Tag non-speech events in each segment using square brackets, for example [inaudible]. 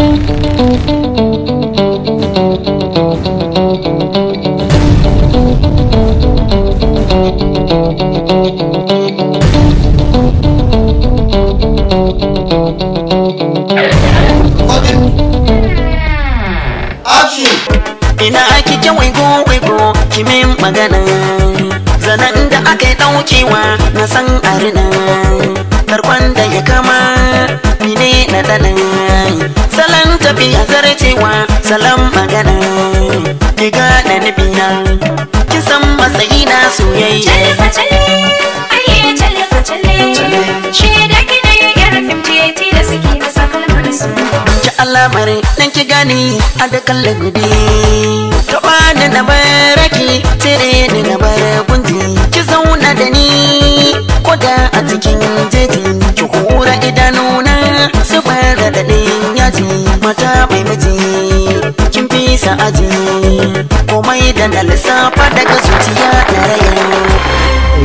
Thank you. ni a da kalla gude ni na baraki tere ni na bar ki zauna da ni ko da a cikin jeji ki hura idanuna su bar raɗaɗin yaji mata mai miji kin fi sa'aji komai da na lissafa daga zuciya da rayu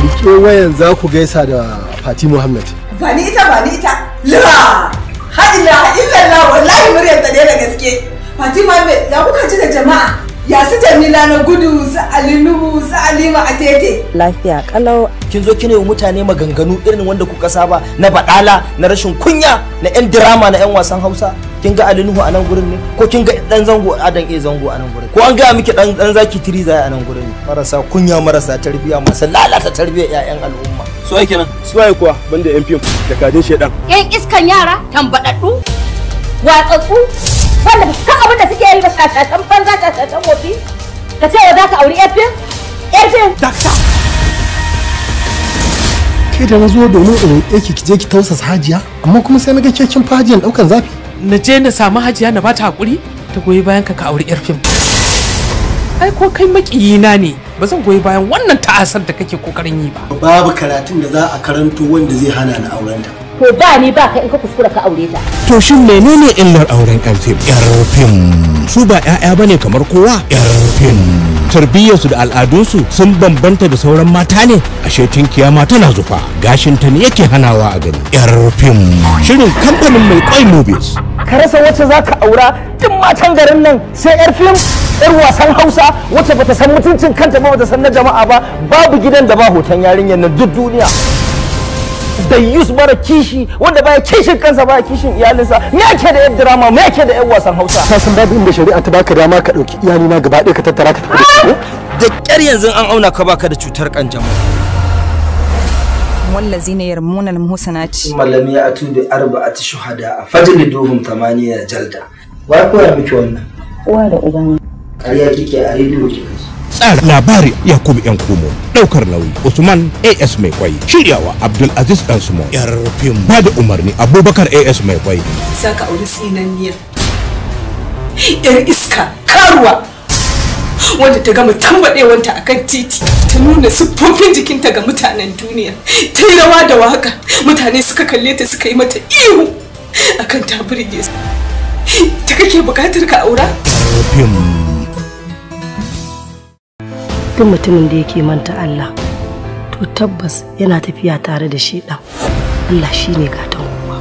rike wayan za ku gaisa da fati muhammad ba ni ita ba ni ita lura ha illa illallah wallahi muryar ta ne da gaske Fatima ya kuka ci da jama'a ya su Jamila na gudu su Alinuhu su Alima a tete. Lafiya kalau. Kin zo kina yi mutane maganganu irin wanda kuka saba na badala na rashin kunya na yan drama na yan wasan Hausa. Kin ga Alinuhu a nan gurin ne ko kin ga dan zango Adan A zango a nan gurin ko an gaya miki dan dan zaki Tiriza a nan gurin Marasa kunya marasa tarbiya masu lalata tarbiyar 'ya'yan al'umma. Su ai kenan. Su ai kuwa banda yan fim da kadin shedan. Yan iskan yara tambadaddu watsatsu. wanda ka abin da suke yi ba shashashan banza shashashan wofi ka ce wa za ka auri yarfin yarfin dakta ke da na zo domin in roƙe ki je ki tausasa hajiya amma kuma sai na ga kekin fajiyan ɗaukan zafi na je na samu hajiya na bata hakuri ta goyi bayan ka ka auri yarfin ai ko kai makiyina ne ba zan goyi bayan wannan ta'asar da kake kokarin yi ba babu karatun da za a karanto wanda zai hana ni auren ta to ba ni ba ka in ka kuskura ka aure ta. To shin menene illar auren yan fim? fim su ba 'ya'ya bane kamar kowa? Yar fim tarbiyyarsu da al'adunsu sun bambanta da sauran mata ne ashe tinkiya ma tana zufa gashin ta ne yake hanawa a gani yar fim shirin kamfanin mai kwai movies ka rasa wacce za ka aura duk matan garin nan sai yar fim yar wasan hausa wacce bata san mutuncin kanta ba bata san na jama'a ba babu gidan da ba hoton yarinyar na duk duniya da yus mara kishi wanda baya kishin kansa baya kishin iyalinsa me yake da yan drama me yake da yan wasan hausa ka san babu inda shari'a ta baka dama ka dauki iyali na gaba ɗaya ka tattara ka tafi da su da ƙyar yanzu an auna ka baka da cutar kanjamau والذين يرمون المحصنات shuhada a يأتوا بأربعة tamaniya jalda. wa جلدة ya miki wannan uwa da uba kariya kike a rediyo tsara labari yakubu yan kumo daukar nauyi usman as mai kwai shiryawa abdul aziz dan sumo yar ba da umarni abubakar as mai kwai saka auri sinanniyar yar iska karuwa wanda ta gama tambadewanta a kan titi ta nuna siffofin jikinta ga mutanen duniya ta yi rawa da waka mutane suka kalle ta suka yi mata ihu akan ta burge ta kake bukatar ka aura? duk mutumin da yake manta Allah to tabbas yana tafiya tare da shi ɗan Allah shi ne gatan kowa.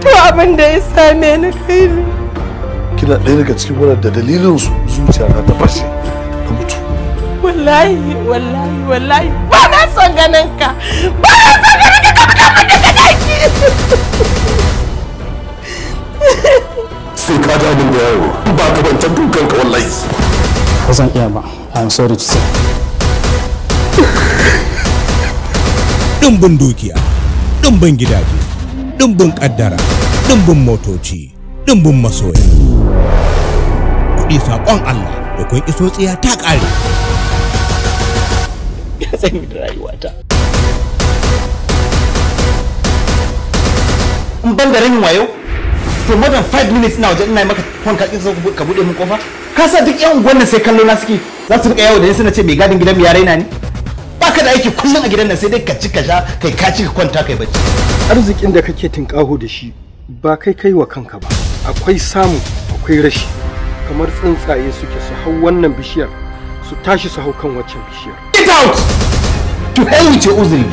To abin da ya same ni kai ne. Kina ɗaya daga cikin wadanda dalilinsu zuciya ta fashe. wallahi wallahi wallahi ba na son ganin ka ba na son ganin ka ka fita daga daki sai ka da abin da yawo ba ka ban tabbukan ka wallahi ba zan iya ba i'm sorry to say dimbin dukiya dimbin gidaje dimbin kaddara dimbin motoci dimbin masoya kuɗi saƙon Allah da kun iso tsiya ta ƙare zan [laughs] yi rayuwata in ban da ranin wayo for more than 5 minutes ina waje ina maka kwan ka kinsa ka bude min kofa ka sa duk yan gwannan sai kallo na suke za su rika yawo da ni suna ce mai gadin gidan mu ya raina ni baka da aiki kullum a gidan nan sai dai ka ci ka sha kai ka ci ka kwanta kai bacci arzikin da kake tinkaho da shi ba kai kai wa kanka ba akwai samu akwai rashi kamar tsuntsaye suke su hau wannan bishiyar su tashi su hau kan waccan bishiyar get out to hell with your uzuri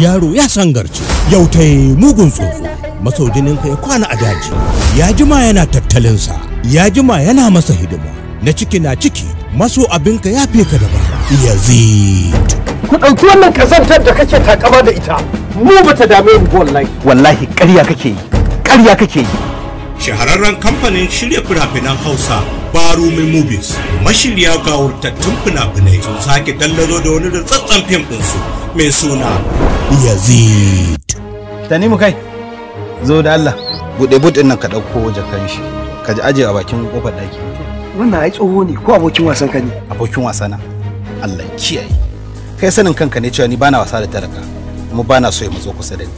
yaro ya sangarci yau ta mugun tsoro masaujininka ya kwana a daji ya jima yana tattalinsa ya jima yana masa hidima na ciki na ciki maso abinka ya fi ka da Ya yazid ku ɗauki wannan kazantar da kake takama da ita mu bata dame mu wallahi wallahi ƙarya kake yi ƙarya kake yi shahararren kamfanin shirya fina-finan hausa barumi movies mashirya gawurtattun fina-finai sun sake dallazo da wani tsatsan fim ɗinsu mai suna yazid tanimu kai zo da allah buɗe buɗin nan ka ɗauko kan shi ka ji ajiye a bakin ƙofar ɗaki wannan ai tsoho ne ko abokin wasan ka ne abokin na allah kiyaye kai sanin kanka ne cewa ni bana wasa da talaka kuma bana so ya matso kusa da ni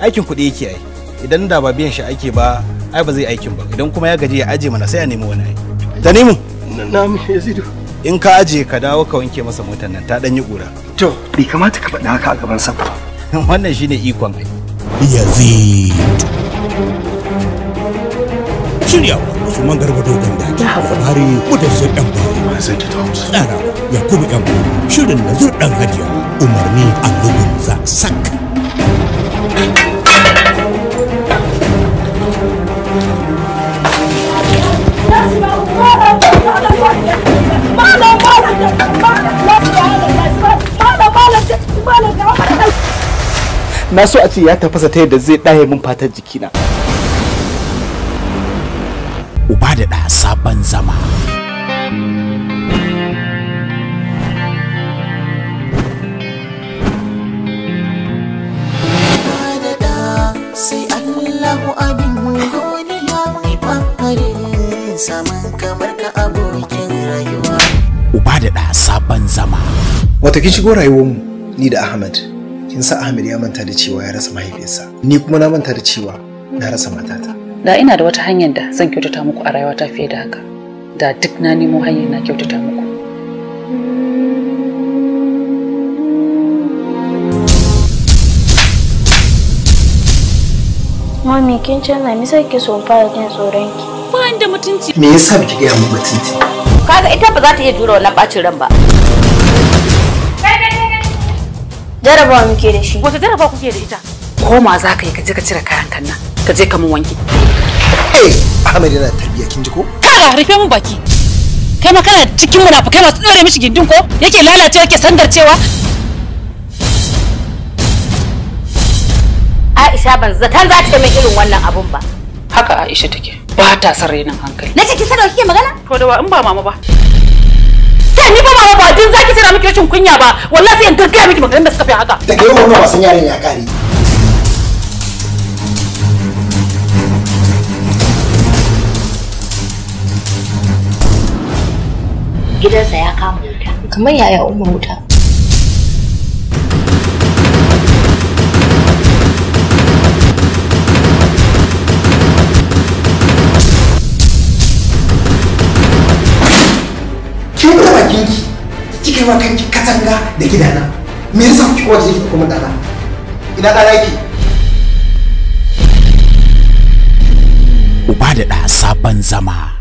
aikin kuɗi yake ai idan da ba biyan shi ake ba ai ba zai aikin ba idan kuma ya gaji ya aje mana sai a nemi wani ai tanimu ya zido. in ka aje ka dawo ka wanke masa motar nan ta dan yi kura to bai kamata ka faɗa haka a gaban sa [laughs] wannan shine ikon ai yazid shiryawa man garba dogon da ta labari su yan bari tsara yakubu yan bari shirin da zur dan hajiya umarni a lokacin za sak thank you na so a ce ya tafasa ta yadda zai ɗaya min fatar jikina. Uba da ɗa sabon zama. sai Allahu abin saman kamar ka abu shimfiɗa sabon zama. Wata kin shigo rayuwarmu ni da Ahmad. Kin sa Ahmad ya manta da cewa ya rasa mahaifiyarsa. Ni kuma na manta da cewa na rasa matata. Da ina da wata hanyar da zan kyautata muku a rayuwata fiye da haka. Da duk na nemo hanyar na kyautata muku. Mami kin canza me sai ke so fara jin tsoron ki? Ba da mutunci. Me yasa biki ga mu mutunci? kaga ita ba za ta iya jura wannan bacin ran ba jarabawa muke da shi wata jaraba kuke da ita koma za ka yi ka je ka cire kayan kan nan ka je ka mun wanke eh Ahmed yana tarbiya kin ji ko kara rufe mun baki kai ma kana cikin munafukai masu tsare mishi gindin ko yake lalace yake sandarcewa Aisha ban zatan za ta min irin wannan abun ba haka Aisha take ba ta son rainin hankali na ce ki sanar kike magana to da in ba mama ba Sai ni ba mama ba din zaki tana miki rashin kunya ba wallahi sai in gargaya miki maganar da suka fi haka da kai wannan san yaren ya kare gidansa ya kama wuta kamar yaya umar wuta kin kuma bakin ki kika ma kanki katanga da gidana me yasa kuke kowace zai kuma dana ina da yake uba da da sabon zama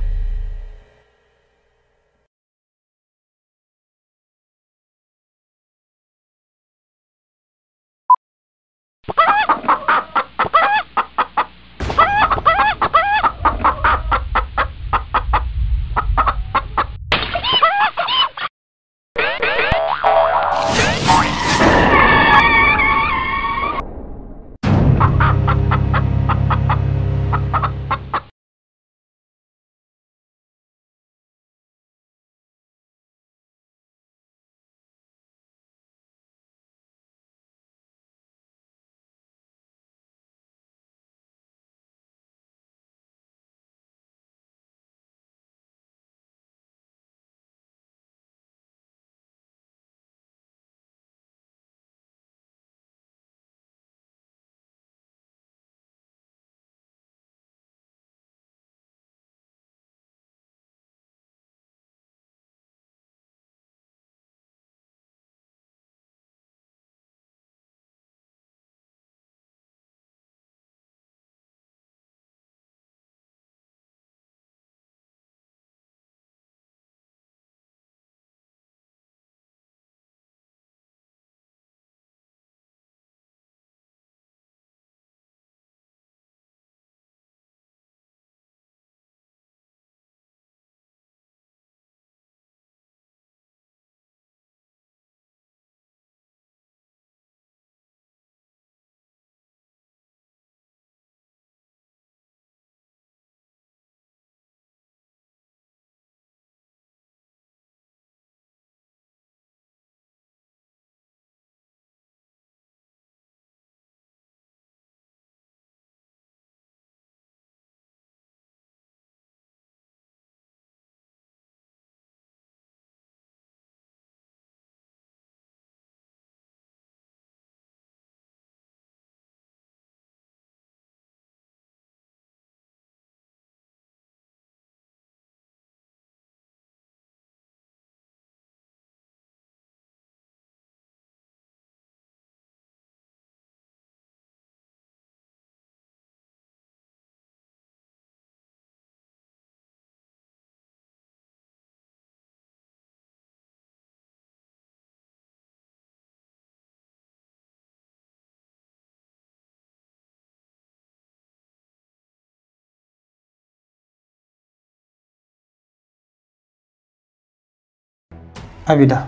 vida.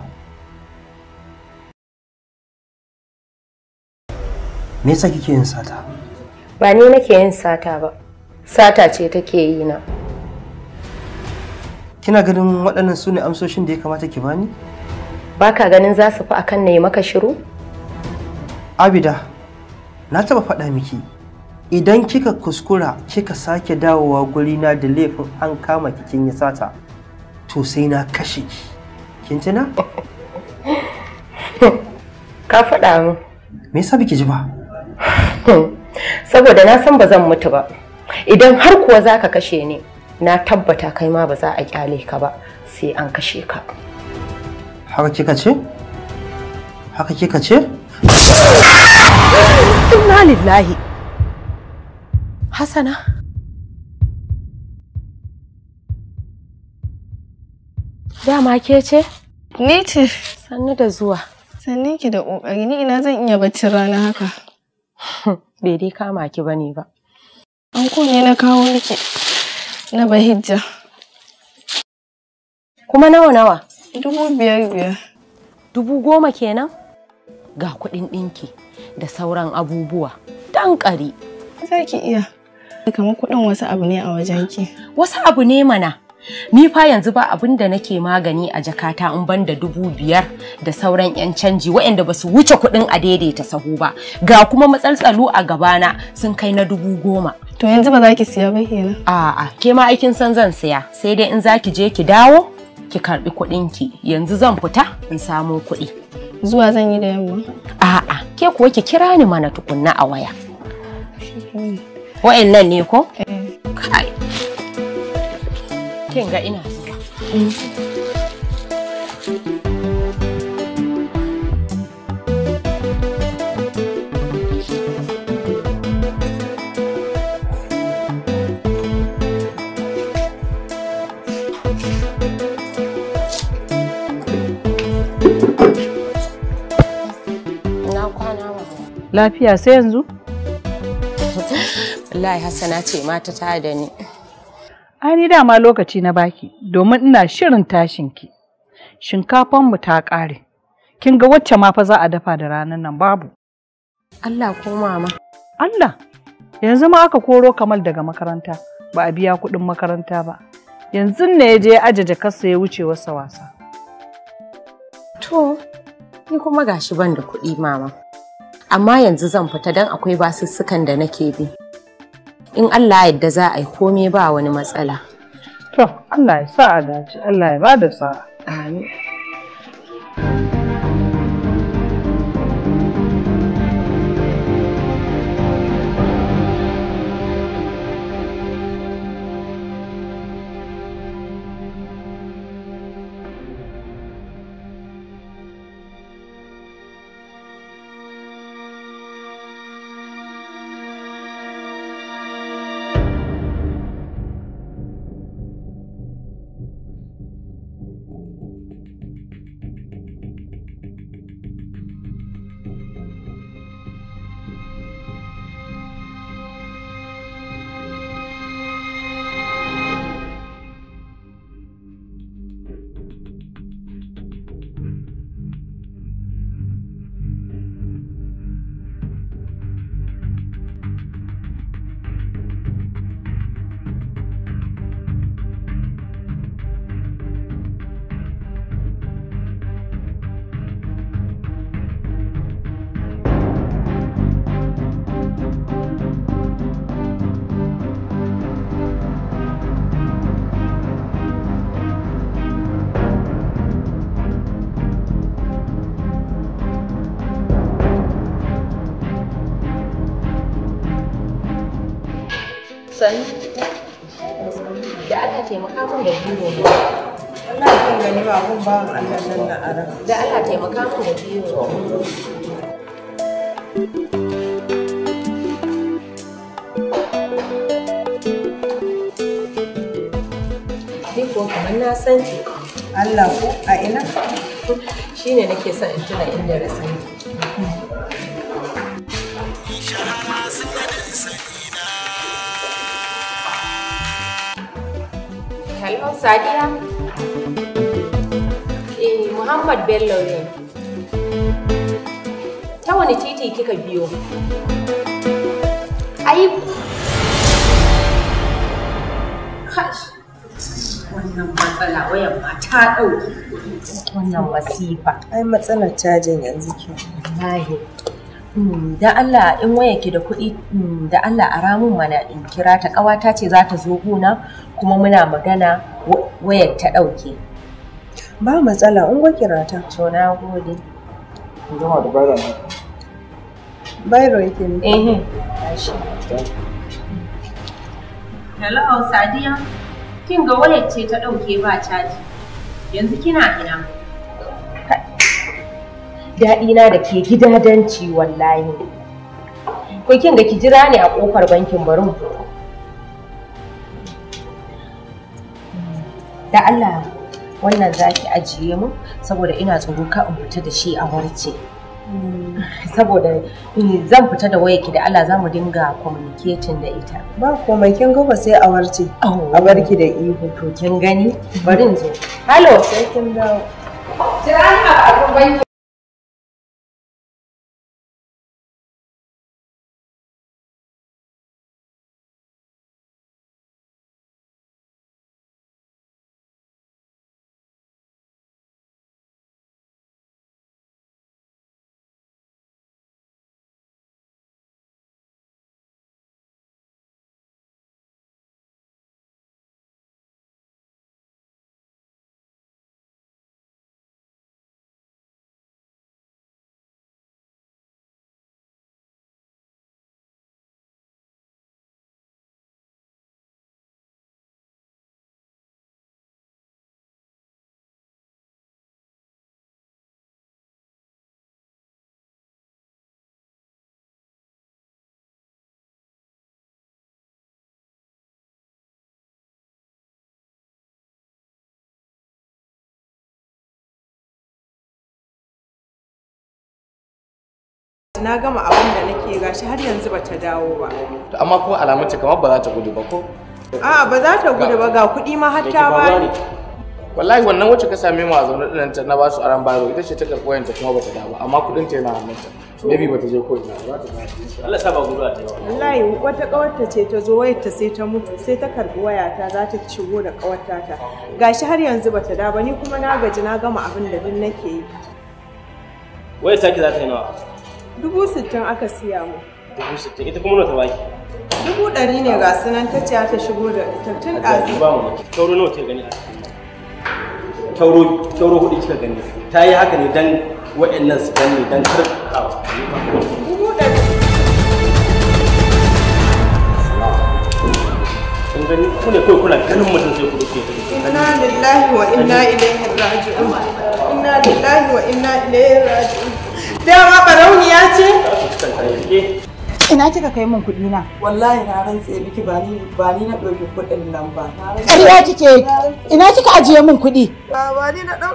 me yasa kike yin sata ba ni nake yin sata ba sata ce take yi na kina ganin waɗannan sune ne amsoshin da ya kamata ki bani ba ka ganin za su fi akan na yi maka shiru abida na taɓa faɗa miki idan kika kuskura kika sake dawowa gurina da laifin an kama kikin yi sata to sai na kashe ki Kin tuna? [laughs] Ka faɗa min. Me yasa biki ji ba? [laughs] Saboda na san ba zan mutu ba. Idan har kuwa za ka kashe ni, na tabbata kai ma ba za a kyale ka ba sai an kashe ka. Haka kika ce? Haka kika ce? [laughs] Inna lillahi. Hasana. Dama ke ce? Ni ce. Sannu da zuwa. Sannu ki da ƙoƙari ni ina zan iya baccin rana haka. [laughs] Bai dai kama ki ne ba. An ne na kawo miki na bahijja. Kuma nawa nawa? Dubu biyar biyar. Dubu goma kenan? Ga kuɗin ɗinki da sauran abubuwa. Dan ƙari. Za ki iya. Kamar kuɗin wasu abu ne a wajenki. Wasu abu ne mana. Ni fa yanzu ba abin da nake magani a jakata in ban da dubu biyar da sauran 'yan canji waɗanda ba su wuce kuɗin a daidaita sahu ba. Ga kuma matsaltsalu a gabana sun kai na dubu goma. To yanzu ba za ki siya ba kenan? A'a, ke ma aikin san zan siya, sai dai in zaki je ki dawo ki karɓi kuɗinki. Yanzu zan fita in samo kuɗi. Zuwa zan yi da yamma? A'a, ke kuwa ki kira ni mana tukunna a waya. Wa'annan ne ko? Eh. Kai. kin ga ina zuwa Lafiya sai yanzu? [laughs] Wallahi Hassana ce mata ta da ni. Ani dama lokaci na baki domin ina shirin tashin ki. Shinkafan ta ƙare. Kin ga wacce ma fa za a dafa da ranar nan babu. Allah ko mama. Allah. Yanzu ma aka koro Kamal daga makaranta ba a biya kuɗin makaranta ba. Yanzu ne ya je ya ajaje kasa ya wuce wasa wasa. To, ni kuma gashi ban da kuɗi mama. Amma yanzu zan fita don akwai basussukan da nake bi. in Allah yadda za a yi komai ba wani matsala. To Allah ya sa a dace Allah ya ba da sa'a. Amin. sannu da Allah taimaka mun da biro ne Allah ya gani ba kun ba Allah nan na ara da Allah taimaka min da biro Ni ko kamar na san Allah ko a ina shine nake son in tuna inda na Sadiya? Eh, Muhammad Bello ne. Ta wani titi kika biyo? Ai wannan matsala waya mata ta ɗauki wannan masifa. Ai matsalar cajin yanzu ke. Wallahi. Hmm, da Allah in ke da kuɗi hmm, da Allah a ramun mana in kira ta ƙawata ce za ta zo gona kuma muna magana wayar ta ɗauke. Ba matsala in kira ta. To na gode. Kun gama da bayro ne? Bayro yake ne. Eh, eh, tashi. Hello, Sadiya. Kin ga wayar ce ta ɗauke ba caji. Yanzu kina ina. Daɗi na da ke gidadanci wallahi. Ko kin ga ki jira ne a ƙofar bankin barin da Allah wannan zaki ajiye mu saboda ina tsoro ka in fita da shi a warce saboda zan fita da wayarki da Allah za mu dinga communicating da ita ba komai kin ga ba sai a warce a barki da ihu to kin gani bari in zo hello sai kin dawo jira a banki na gama abin da nake gashi har yanzu ba ta dawo ba to amma ko alamun ta kamar ba za ta gudu ba ko a'a ba za ta gudu ba ga kuɗi ma har ta bani wallahi wannan wacce ka same mu a zaune ɗin ta na ba su aran baro ita ce ta karɓi wayanta kuma ba ta dawo ba amma kuɗin ta yana hannunta maybe ba ta je ko ina ba ta Allah sa ba gudu a taimaka wallahi wata kawarta ce ta zo wayarta sai ta mutu sai ta karɓi wayata za ta ciwo da kawarta ta gashi har yanzu ba ta dawo ba ni kuma na gaji na gama abin da duk nake yi wayar sake za ta yi nawa Dubu sittin aka siya mu. Dubu sittin ita kuma ta baki. Dubu ɗari ne ga sunan ta ce ta shigo da ita tun ɗazu. Ba mu tauro nawa kika gani a tauro tauro hudu kika gani ta yi haka ne dan waɗannan su gani dan kar Dubu ɗari. Kun gani ku ne kawai kuna ganin mutum sai ku rufe. Inna lillahi wa inna ilaihi raji'un. Inna lillahi wa inna ilaihi raji'un. Dama barauniya ce? Ina kika kai min kuɗi na? Wallahi na rantse miki ba ni ba ni na ɗauki kuɗin nan ba. Ƙarya kike ina kika ajiye min kuɗi? Ba ba ni na na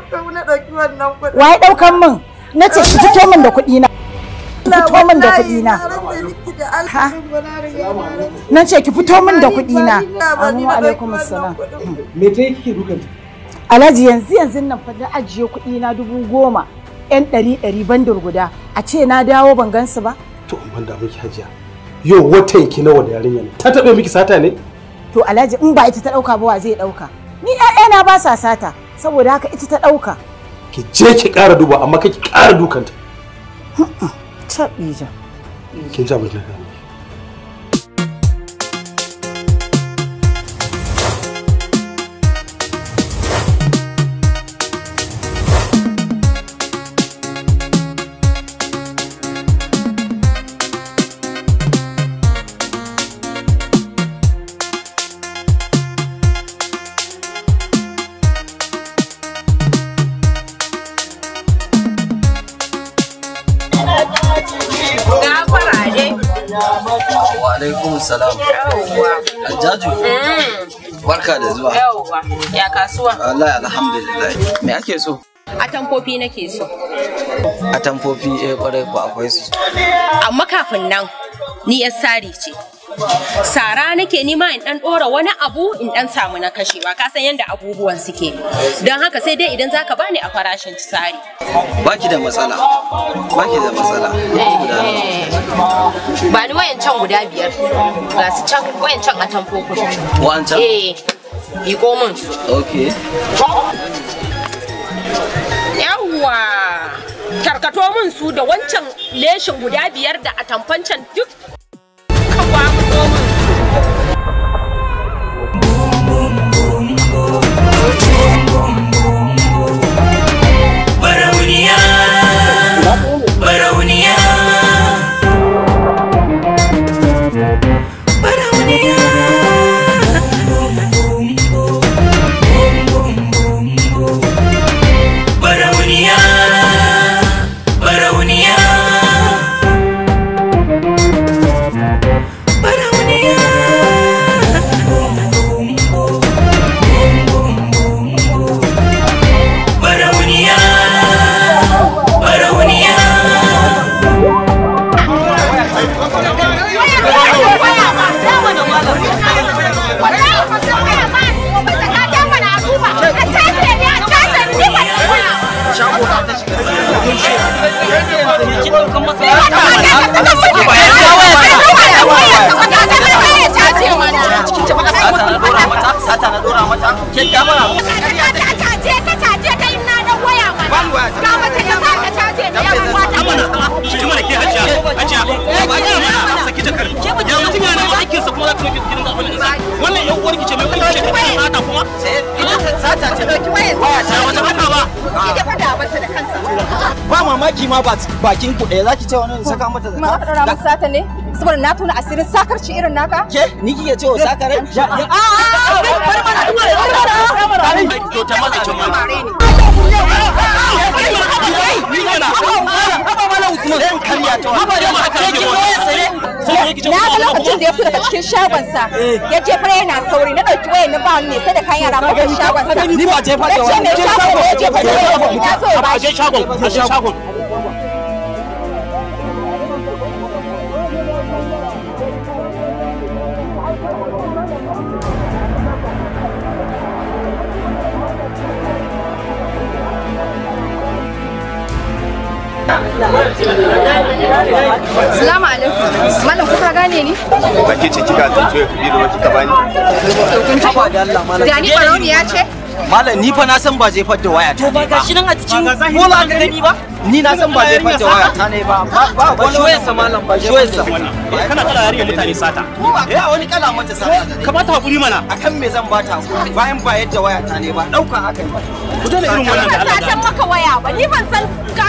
ɗauki wannan kuɗin. Waye ɗaukan min? Na ce ki fito min da kuɗi na. fito min da kuɗi na. Na ce ki fito min da kuɗi na. Amma alaikum assalam. Me ta kike dukan? Alhaji yanzu yanzu nan fa ajiye kuɗi na dubu goma. 'yan ɗari ɗari bandar guda a ce na dawo ban gansu ba? To ban da miki hajiya. Yo wata ki nawa da yarinya ne? Ta taɓa miki sata ne? To Alhaji in ba ita ta ɗauka ba wa zai ɗauka. Ni na ba sa sata saboda haka ita ta ɗauka. Ki je ki ƙara duba amma ka ki ƙara dukanta. Taɓija. Kin ja miki yawwa ya kasuwa Allah alhamdulillah me ake so a tamfofi nake so a tamfofi eh kwarai ko akwai su amma kafin nan ni yar sari ce sara nake nima in dan dora wani abu in dan samu na kashewa ka san yanda abubuwan suke don haka sai dai idan zaka bani a farashin sari baki da matsala baki da matsala eh. ba ni wayancan guda biyar ga su can wayancan a tamfofin wa'ancan eh Iko min. Ok. Yawwa! karkato min su da wancan leshin guda biyar da a tamfancan duk ba ba mamaki ma bakin ku ɗaya zaki ce wani saka mata da ma ta ne saboda na tuna asirin sakarci irin naka ke ni kike cewa sakarai a a bari mana bari mana a a bari to ta maza ta na ga lokacin da ya fito daga cikin shagonsa ya jefar yana sauri na ɗauki wayan na ba ne sai da kayan yara a ni ba da wani ya ce mai shagon ya da wani ya zo a je shagon a shagon Salamu alaikum. Malam ku ka gane ni? Ba ke ce kika tantance ku bi da wata ka bani. Da ni ya ce? Malam ni fa na san ba jefar da waya ta ne ba. To ba gashi nan a cikin bola ka gani ba? Ni na san ba jefar da waya ta ne ba. Ba ba shoyar sa malam ba shoyar sa. Kana kana yarge mutane sata. Eh wani kala mata sata. Kamata hakuri mana. Akan me zan bata hakuri bayan ba yadda waya ta ne ba. Dauka haka ne. Ku dole irin wannan da Allah. Ba ta maka waya ba. Ni ban san ka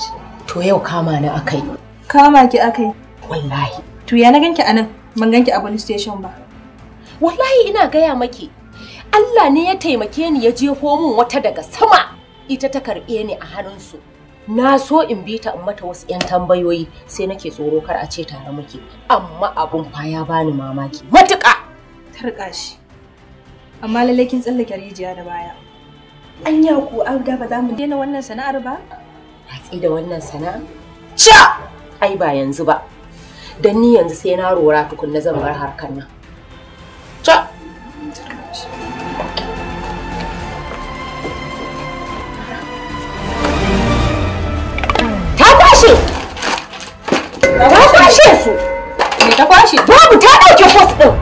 ce. To yau kama ni akai. Kama ki akai. Wallahi. To ya na ganki anan ban ganki a police station ba. Wallahi ina gaya maki. Allah ne ya taimake ni ya jefo min wata daga sama ita ta karɓe ni a hannunsu. Na so in bi ta in mata wasu 'yan tambayoyi sai nake tsoro kar a ce tare muke. Amma abun fa ya bani mamaki matuƙa. Tarƙa shi. Amma lallai kin tsallake rijiya da baya. Anya ku an ba za mu daina wannan sana'ar ba? watsi da wannan sana'a? Sha! Ai ba yanzu ba. Dan ni yanzu sai na rora tukunna zan bar harkar nan. Sha! Ta kwashe! Ta kwashe su! Me ta kwashe? Babu ta ɗauke kwas ɗin!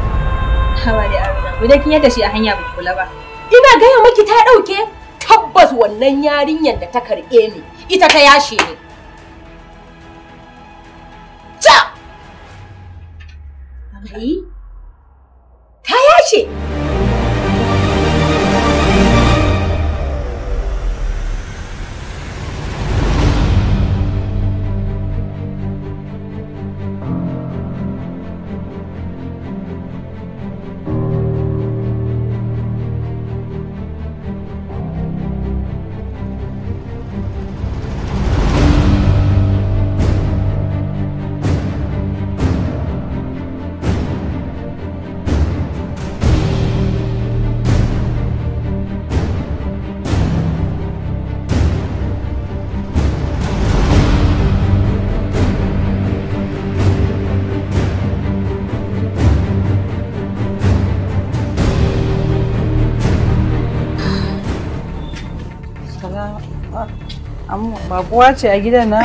Hawa da Aruna, mu da kin yadda shi a hanya ba kula ba. Ina gaya miki ta ɗauke tabbas wannan yarinyar da ta karɓe ni. Ita ta yashe ni. na ce a gidan na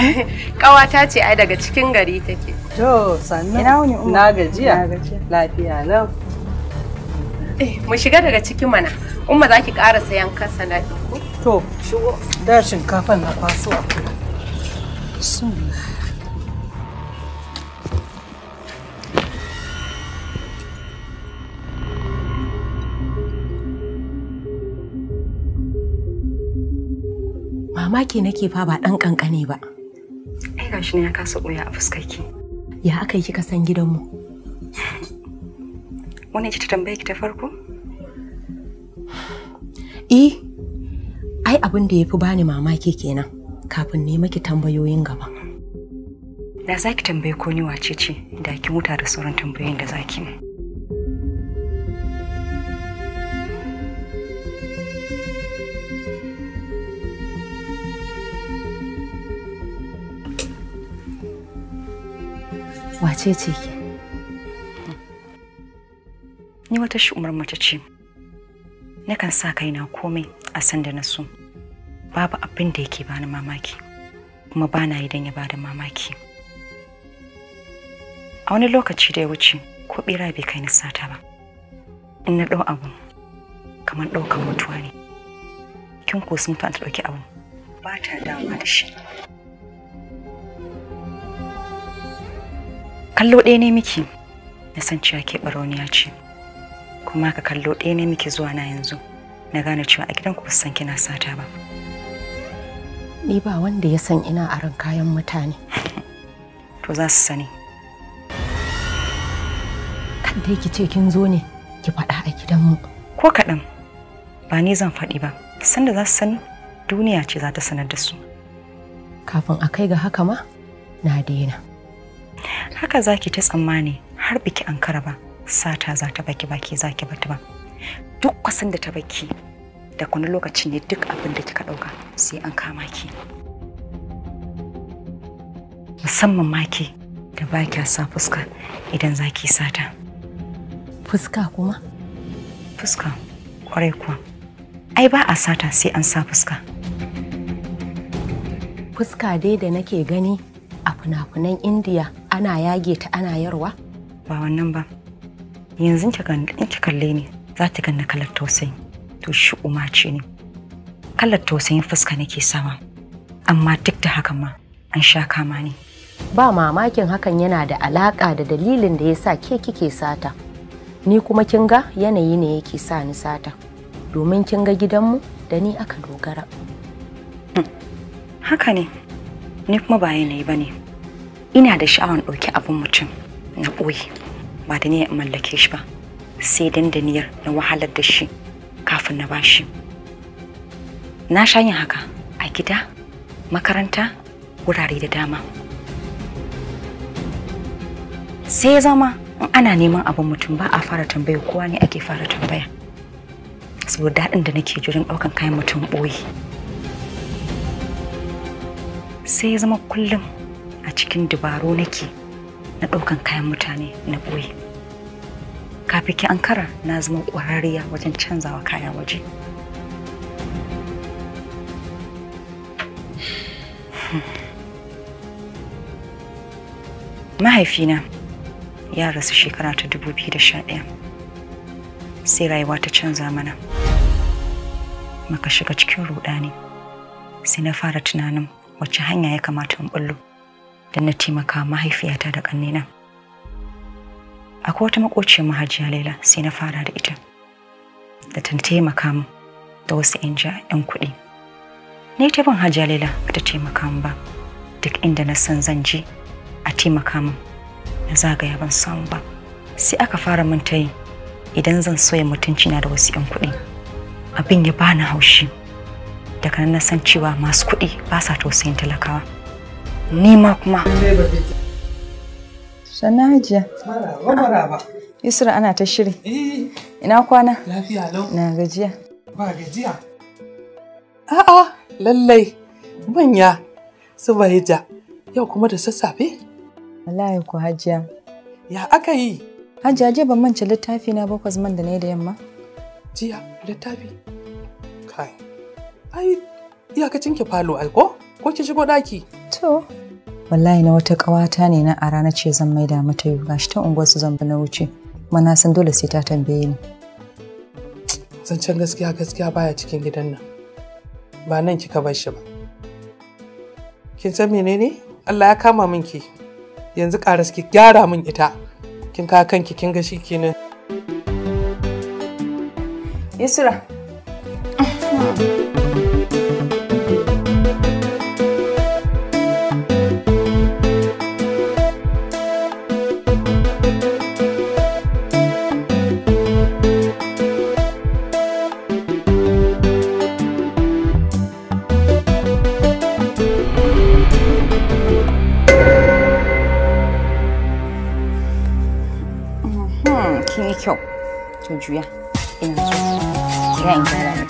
kawata [laughs] ce ai daga cikin gari take to sannan na gajiya lafiya lau eh, mu shiga daga cikin mana umma ki ƙara sayan kasa na to shigo da shinkafan na kwaso a bismillah mamaki nake fa ba ɗan ƙanƙane ba. Ai gashi ne ya kasa koya a fuskarki. Ya aka yi kika san gidanmu? Wani ita ta tambaye ki ta farko? Eh, ai abin da ya fi bani mamaki kenan kafin ne maki tambayoyin gaba. Da za ki tambaye ko ni wace ce da ki wuta da sauran tambayoyin da za ki wace ce ki? ni wata shi umar mace ce nakan sa kaina komai a sanda na so babu abin da yake bani mamaki kuma bana idan ya bada mamaki a wani lokaci da ya wuce ko bera bai kai na sata ba in na ɗau abu kamar ɗaukan mutuwa ne kin ko sun ta ɗauki abu ba ta damuwa da shi kallo ɗaya ne miki na san cewa ke barauniya ce kuma ka kallo ɗaya ne miki zuwa na yanzu na gane cewa a gidan ku san kina sata ba ni ba wanda ya san ina aron kayan mutane to za su sani dai ki ce kin zo ne ki faɗa a gidanmu. Ko kaɗan ba ni zan faɗi ba, sanda za su sani duniya ce za ta sanar da su. Kafin a kai ga haka ma, na daina. haka zaki ta tsammani har biki ankara ba sata za ta baki baki zaki bata ba duk kwasan da ta baki da kuna lokacin ne duk abin da kika dauka sai an kama ki musamman maki da ba kya sa fuska idan za ki sata. Fuska kuma? Fuska, kwarai kuwa. Ai ba a sata sai an sa fuska. Fuska dai da nake gani a fina-finan indiya ana yage ta ana yarwa ba wannan ba yanzu in ki kalle ne za ta ganna kalar tausayi to shi umarci ne kalar tausayin fuska nake sama amma duk da hakan ma an sha kama ne ba mamakin hakan yana da alaka da dalilin da ya sa ke kike sata ni kuma kin ga yanayi ne yake sa ni sata domin kin ga gidanmu da ni aka dogara haka ne ni kuma ba yanayi ba ne ina da sha'awar ɗauki abin mutum na ɓoye ba da niyyar mallake shi ba sai dan da niyyar na wahalar da shi kafin na bashi na sha yin haka a gida makaranta wurare da dama sai zama in ana neman abin mutum ba a fara tambaya kowa ne ake fara tambaya saboda daɗin da nake jirin ɗaukan kayan mutum ɓoye sai ya zama kullum a cikin dubaro nake na ɗaukan kayan mutane na ɓoye kafin ki ankara na zama ƙwararriya wajen canzawa kaya waje hmm. mahaifina ya rasu shekara ta dubu biyu da sha ɗaya. sai rayuwa ta canza mana Maka shiga cikin ruɗani sai na fara tunanin wacce hanya ya kamata in bullo don na taimaka mahaifiyata da ƙannena akwai wata makociyar mahajiya laila sai na fara da ita da ta taimaka mu da wasu 'yan ja 'yan kuɗi na ta ban hajiya laila ba ta taimaka mu ba duk inda na san zan je a taimaka min na zagaya ban samu ba sai aka fara min ta yi idan zan soya mutunci na da wasu 'yan kuɗi abin ya bani haushi daga nan na san cewa masu kuɗi ba sa tausayin talakawa ni ma kuma sannan hajiya isra ana ta shiri eh. ina kwana lafiya lau na gajiya ba gajiya a'a lallai manya su bahija yau kuma da sassafe wallahi ku hajiya ya aka yi hajiya je ban manta littafi na bakwas man da na yi da yamma jiya littafi kai Ai, iyakacin ki falo ai ko? Ko ki shigo daki? To. Wallahi na wata kawata ne na ara na ce zan mai da mata yau gashi ta unguwar su zan na wuce. Mana san dole sai ta tambaye ni. Zancen gaskiya gaskiya baya cikin gidan nan. Ba nan kika bar shi ba. Kin san menene? Allah ya kama min ki. Yanzu ƙara ki gyara min ita. Kin ka kanki kin ga shi kenan. Yusra. Ah, 不你意，不愿意。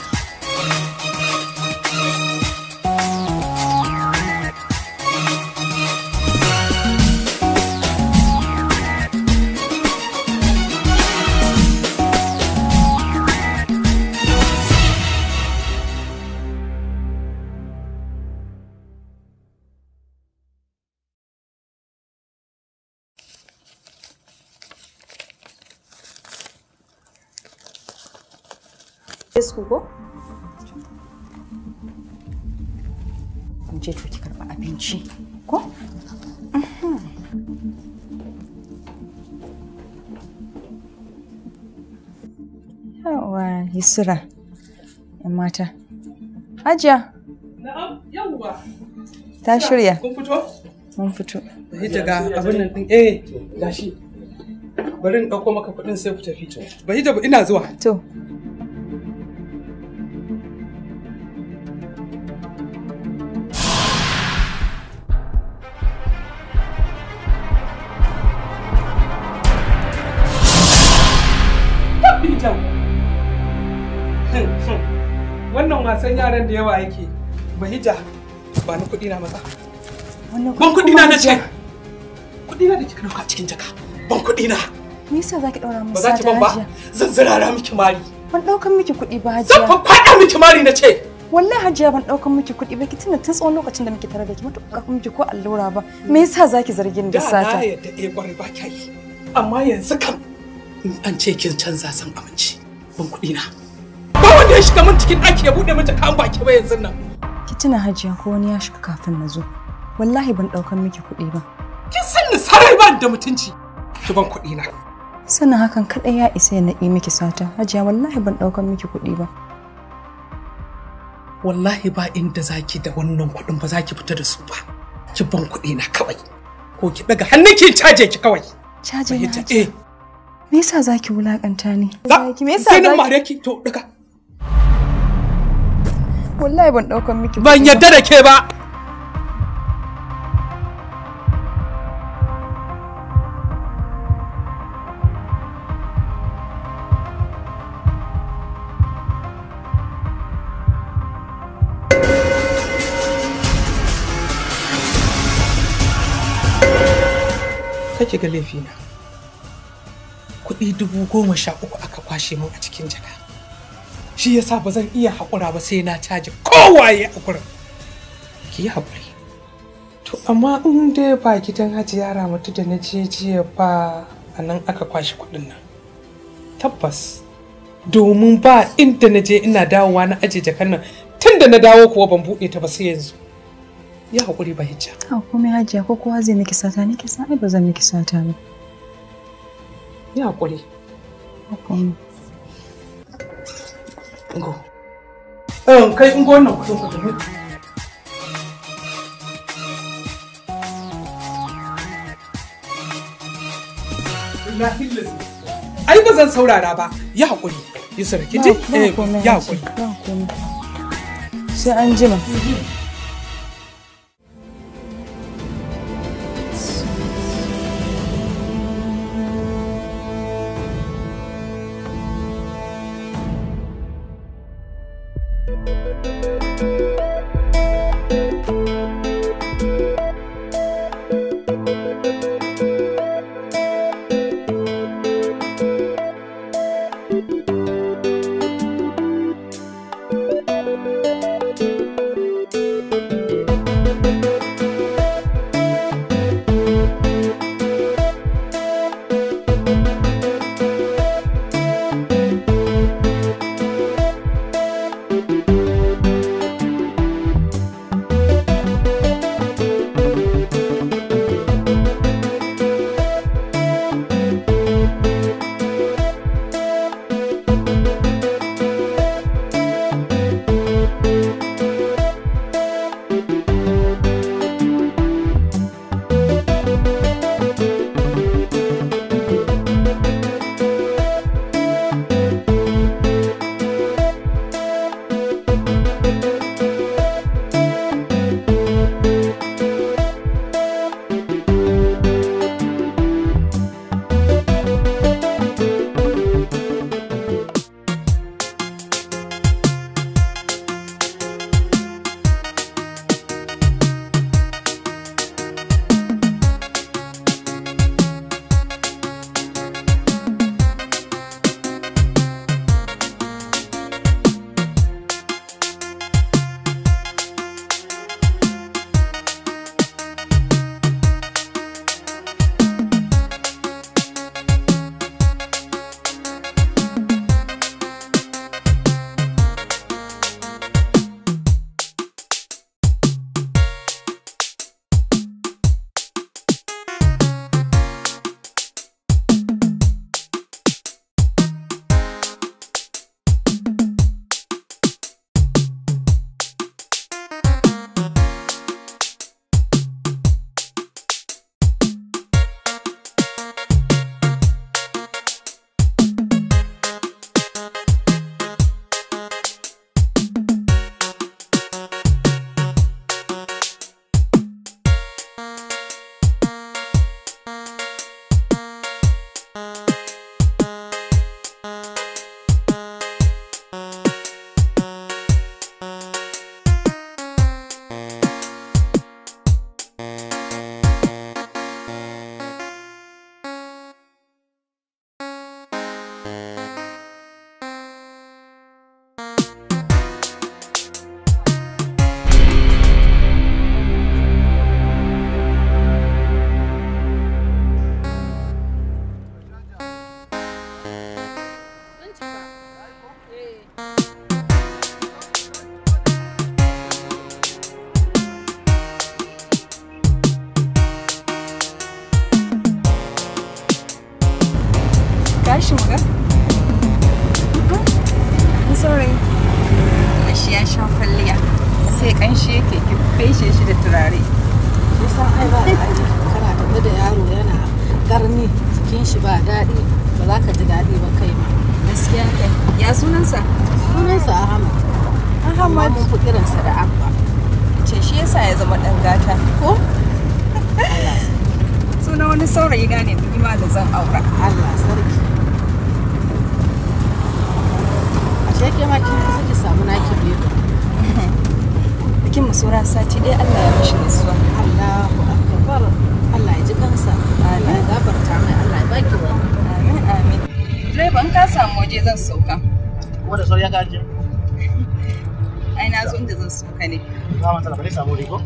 Esku ko? Kun je to ki karɓa abinci ko? Mhm. Yawa Yusra, ‘yan mata. Hajiya. Na'am, yawwa. Ta shirya. Kun fito? Mun fito. abin nan ɗin eh gashi. Bari in ɗauko maka kuɗin sai ku tafi to. ina zuwa. To. yaran da yawa yake bahija ba ni kudi na maza ban kudi na na ce kudi na da kika dauka cikin jaka ban kudi na me yasa zaki ɗaura min ba za ba zan zirara miki mari ban daukan miki kudi ba hajiya zan kwada miki mari na ce wallahi hajiya ban daukan miki kudi ba ki tuna tun tsawon lokacin da muke tare da ki mutu ka miki ko allura ba me yasa zaki zargin da sata da na yadda eh kwari ba kai amma yanzu kam an ce kin canza san aminci ban kudi na ya shiga mun cikin ɗaki ya buɗe mata kan baki ba yanzu nan. Ki tuna hajiya ko wani ya shiga kafin na zo. Wallahi ban ɗaukan miki kuɗi ba. Kin san ni sarai ba da mutunci. Ki ban kuɗi na. Sannan hakan kaɗai ya isa ya naɗi miki sata. Hajiya wallahi ban ɗaukan miki kuɗi ba. Wallahi ba inda zaki da wannan kuɗin ba zaki fita da su ba. Ki ban kuɗi na kawai. Ko ki ɗaga hannun ki caje ki kawai. Caje na hajiya. Eh. Me yasa zaki wulakanta ni? Za ki me yasa zaki? Sai nan ki to daga wallahi ban daukan miki ban yadda da ke ba kake ga laifina kuɗi dubu goma sha uku aka kwashe mu a cikin jaka shi yasa ba zan iya haƙura ba sai na caji kowaye a gurin ki yi haƙuri to amma in dai ba gidan haji hajiya ramatu da na je jiya ba a nan aka kwashe kuɗin nan tabbas domin ba inda na je ina dawowa na aje jakan nan tun da na dawo kuwa ban buɗe ta ba sai yanzu ya haƙuri ba hijja a komai hajiya ko kowa zai miki sata ni ki sa ai ba zan miki sata ba ya haƙuri Ungo. Eh, kai ungo wannan kudin ku tafi. Ai ba zan saurara ba, yi haƙuri. Yusuf, ki Eh, ya Sai an jima. gashin ka? I'm sorry. Shi ya sha kwalliya. Sai kanshi yake ki shi da turare. Shi san ai ba kana tafi da yaro yana karni jikin shi ba daɗi ba za ka ji daɗi ba kai ma. Gaskiya kai. Ya sunansa? Sunansa Ahmad. Ahmad. Mun fi kiransa da Abba. Ce shi sa ya zama ɗan gata. Ko? Suna wani saurayi na ne ma da zan aura. Allah sarki. shi yake ma kin kusa ki samu naki biyu? bikin mu sauran sati dai Allah ya mishi rasuwa Allahu akbar Allah ya ji kansa Allah ya gafarta mai Allah ya baki wani amin amin direba ban ka samu waje zan sauka wanda sau ya gaje ai na zo inda zan sauka ne Za mu matsala bari samu rigo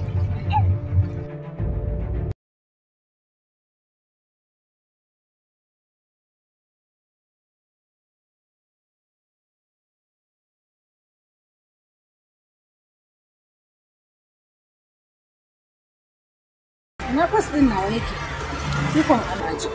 ina fas ɗin nawa yake ikon alhaji